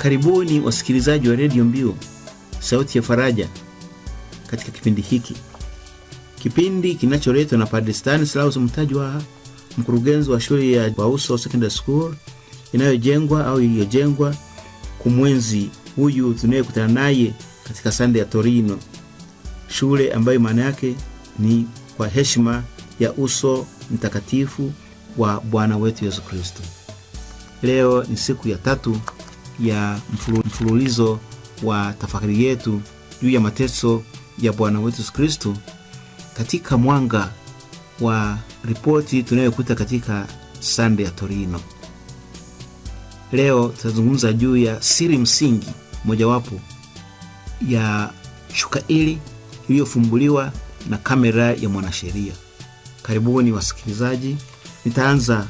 Karibuni wasikilizaji wa redio Mbiu, sauti ya faraja, katika kipindi hiki, kipindi kinacholetwa na Padre Stanislaus Mutajwaha, mkurugenzi wa shule ya Bauso Secondary School inayojengwa au iliyojengwa kumwenzi huyu tunayekutana naye katika sande ya Torino, shule ambayo maana yake ni kwa heshima ya uso mtakatifu wa Bwana wetu Yesu Kristo. Leo ni siku ya tatu ya mfululizo wa tafakari yetu juu ya mateso ya Bwana wetu Yesu Kristo katika mwanga wa ripoti tunayokuta katika Sande ya Torino. Leo tutazungumza juu ya siri msingi mojawapo ya shuka hili iliyofumbuliwa na kamera ya mwanasheria. Karibuni wasikilizaji, nitaanza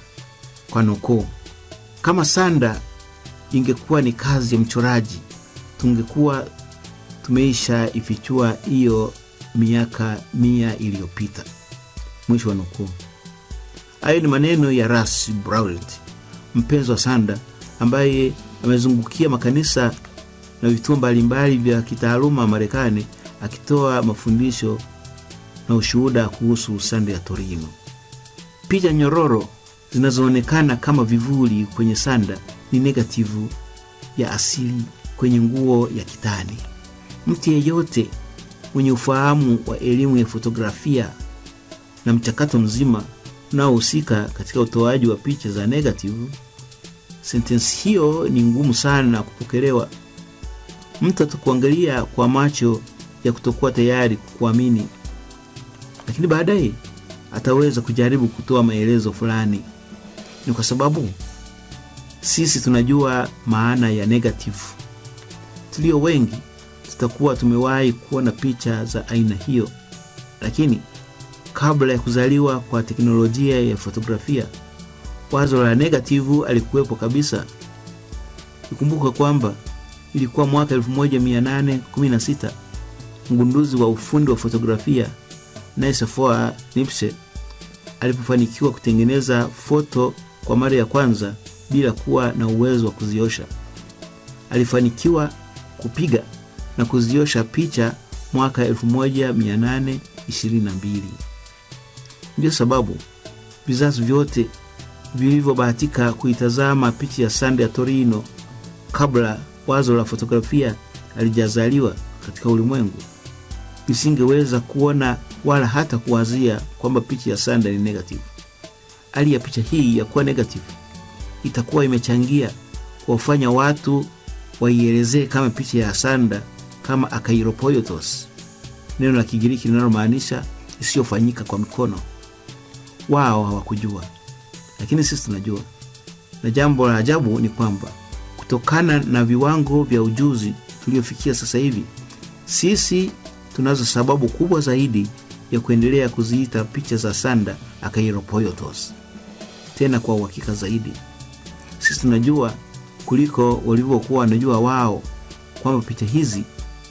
kwa nukuu. Kama sanda ingekuwa ni kazi ya mchoraji, tungekuwa tumeisha ifichua hiyo miaka mia iliyopita. Mwisho wa nukuu. Hayo ni maneno ya Ras Brault, mpenzi wa sanda, ambaye amezungukia makanisa na vituo mbalimbali vya kitaaluma Marekani akitoa mafundisho na ushuhuda kuhusu sanda ya Torino. Picha nyororo zinazoonekana kama vivuli kwenye sanda ni negativu ya asili kwenye nguo ya kitani. Mtu yeyote mwenye ufahamu wa elimu ya fotografia na mchakato mzima unaohusika katika utoaji wa picha za negative, sentensi hiyo ni ngumu sana kupokelewa. Mtu atakuangalia kwa macho ya kutokuwa tayari kukuamini, lakini baadaye ataweza kujaribu kutoa maelezo fulani. Ni kwa sababu sisi tunajua maana ya negative. Tulio wengi tutakuwa tumewahi kuona picha za aina hiyo, lakini kabla ya kuzaliwa kwa teknolojia ya fotografia, wazo la negative alikuwepo kabisa. ikumbuke kwamba ilikuwa mwaka 1816 mgunduzi wa ufundi wa fotografia Niels Nipse alipofanikiwa kutengeneza foto kwa mara ya kwanza bila kuwa na uwezo wa kuziosha. Alifanikiwa kupiga na kuziosha picha mwaka 1822. Ndiyo sababu vizazi vyote vilivyobahatika kuitazama picha ya Sande ya Torino kabla wazo la fotografia alijazaliwa katika ulimwengu visingeweza kuona wala hata kuwazia kwamba picha ya Sande ni negative. Hali ya picha hii ya kuwa negative itakuwa imechangia kuwafanya watu waielezee kama picha ya sanda kama akairopoyotos, neno la Kigiriki linalomaanisha isiyofanyika kwa mkono Wao hawakujua, lakini sisi tunajua, na jambo la ajabu ni kwamba kutokana na viwango vya ujuzi tuliofikia sasa hivi, sisi tunazo sababu kubwa zaidi ya kuendelea kuziita picha za sanda akairopoyotos, tena kwa uhakika zaidi sisi tunajua kuliko walivyokuwa wanajua wao kwamba picha hizi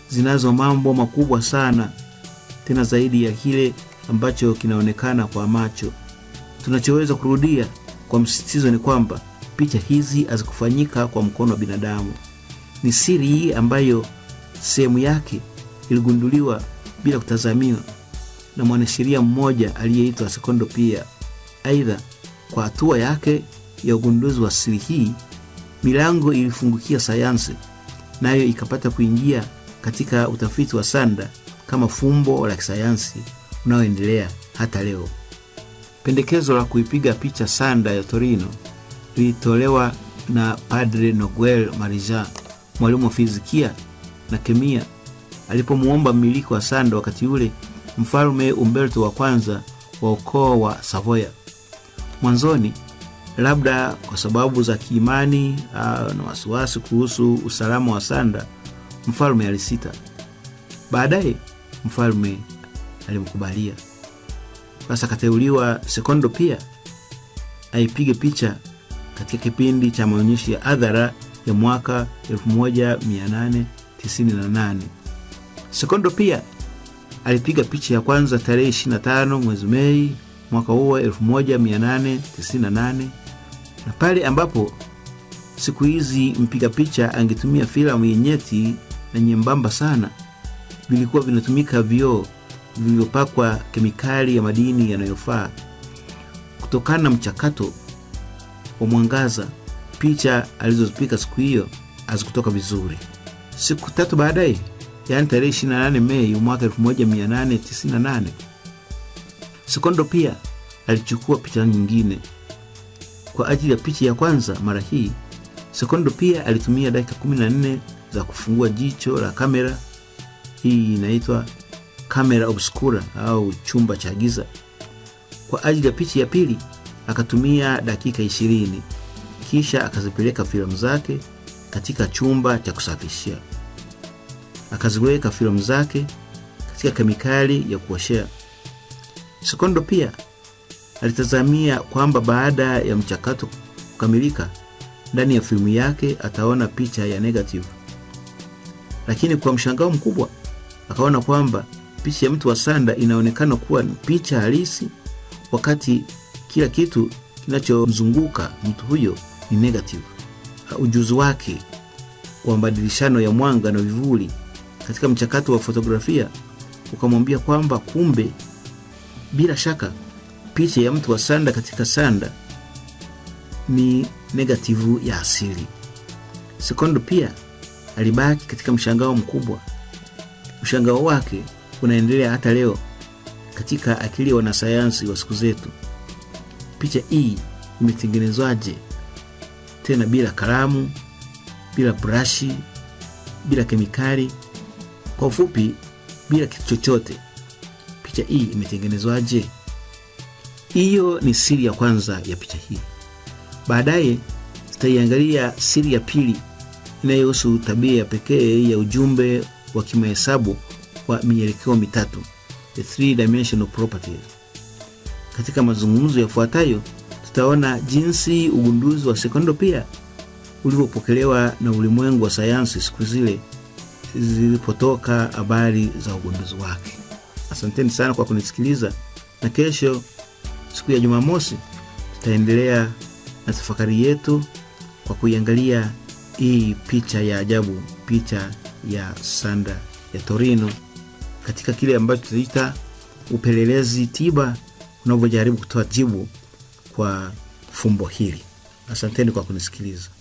zinazo mambo makubwa sana, tena zaidi ya kile ambacho kinaonekana kwa macho. Tunachoweza kurudia kwa msisitizo ni kwamba picha hizi hazikufanyika kwa mkono wa binadamu. Ni siri hii ambayo sehemu yake iligunduliwa bila kutazamiwa na mwanasheria mmoja aliyeitwa Sekondo Pia. Aidha, kwa hatua yake ya ugunduzi wa siri hii, milango ilifungukia sayansi, nayo ikapata kuingia katika utafiti wa sanda kama fumbo la kisayansi unaoendelea hata leo. Pendekezo la kuipiga picha sanda ya Torino lilitolewa na Padre Noguel Marijan, mwalimu wa fizikia na kemia, alipomwomba mmiliki wa sanda wakati ule, Mfalme Umberto wa kwanza wa ukoo wa Savoya. Mwanzoni labda kwa sababu za kiimani ah, na wasiwasi kuhusu usalama wa Sanda, mfalme alisita. Baadaye mfalme alimkubalia. Basi akateuliwa Sekondo pia aipige picha katika kipindi cha maonyesho ya hadhara ya mwaka 1898. Sekondo pia alipiga picha ya kwanza tarehe 25 mwezi Mei mwaka huo 1898 na pale ambapo siku hizi mpiga picha angetumia filamu yenyeti na nyembamba sana, vilikuwa vinatumika vioo vilivyopakwa kemikali ya madini yanayofaa. Kutokana na mchakato wa mwangaza, picha alizozipika siku hiyo hazikutoka vizuri. Siku tatu baadaye, yaani tarehe 28 Mei mwaka 1898 Sekondo pia alichukua picha nyingine kwa ajili ya picha ya kwanza. Mara hii Sekondo pia alitumia dakika 14 za kufungua jicho la kamera. Hii inaitwa kamera obscura au chumba cha giza. Kwa ajili ya picha ya pili akatumia dakika ishirini, kisha akazipeleka filamu zake katika chumba cha kusafishia, akaziweka filamu zake katika kemikali ya kuoshea. Sekondo pia alitazamia kwamba baada ya mchakato kukamilika, ndani ya filmu yake ataona picha ya negative, lakini kwa mshangao mkubwa akaona kwamba picha ya mtu wa sanda inaonekana kuwa ni picha halisi, wakati kila kitu kinachomzunguka mtu huyo ni negative. Ujuzi wake wa mabadilishano ya mwanga na vivuli katika mchakato wa fotografia ukamwambia kwamba kumbe bila shaka picha ya mtu wa sanda katika sanda ni negativu ya asili. Sekondo pia alibaki katika mshangao mkubwa. Mshangao wake unaendelea hata leo katika akili ya wanasayansi wa siku zetu. Picha hii imetengenezwaje? Tena bila kalamu, bila brashi, bila kemikali, kwa ufupi, bila kitu chochote picha hii imetengenezwaje? Hiyo ni siri ya kwanza ya picha hii. Baadaye tutaiangalia siri ya pili inayohusu tabia ya pekee ya ujumbe wa kimahesabu wa mielekeo mitatu, the three dimensional property. Katika mazungumzo yafuatayo tutaona jinsi ugunduzi wa sekondo pia ulivyopokelewa na ulimwengu wa sayansi siku zile zilipotoka habari za ugunduzi wake. Asanteni sana kwa kunisikiliza, na kesho siku ya Jumamosi tutaendelea na tafakari yetu kwa kuiangalia hii picha ya ajabu, picha ya sanda ya Torino katika kile ambacho tutaita upelelezi tiba unavyojaribu kutoa jibu kwa fumbo hili. Asanteni kwa kunisikiliza.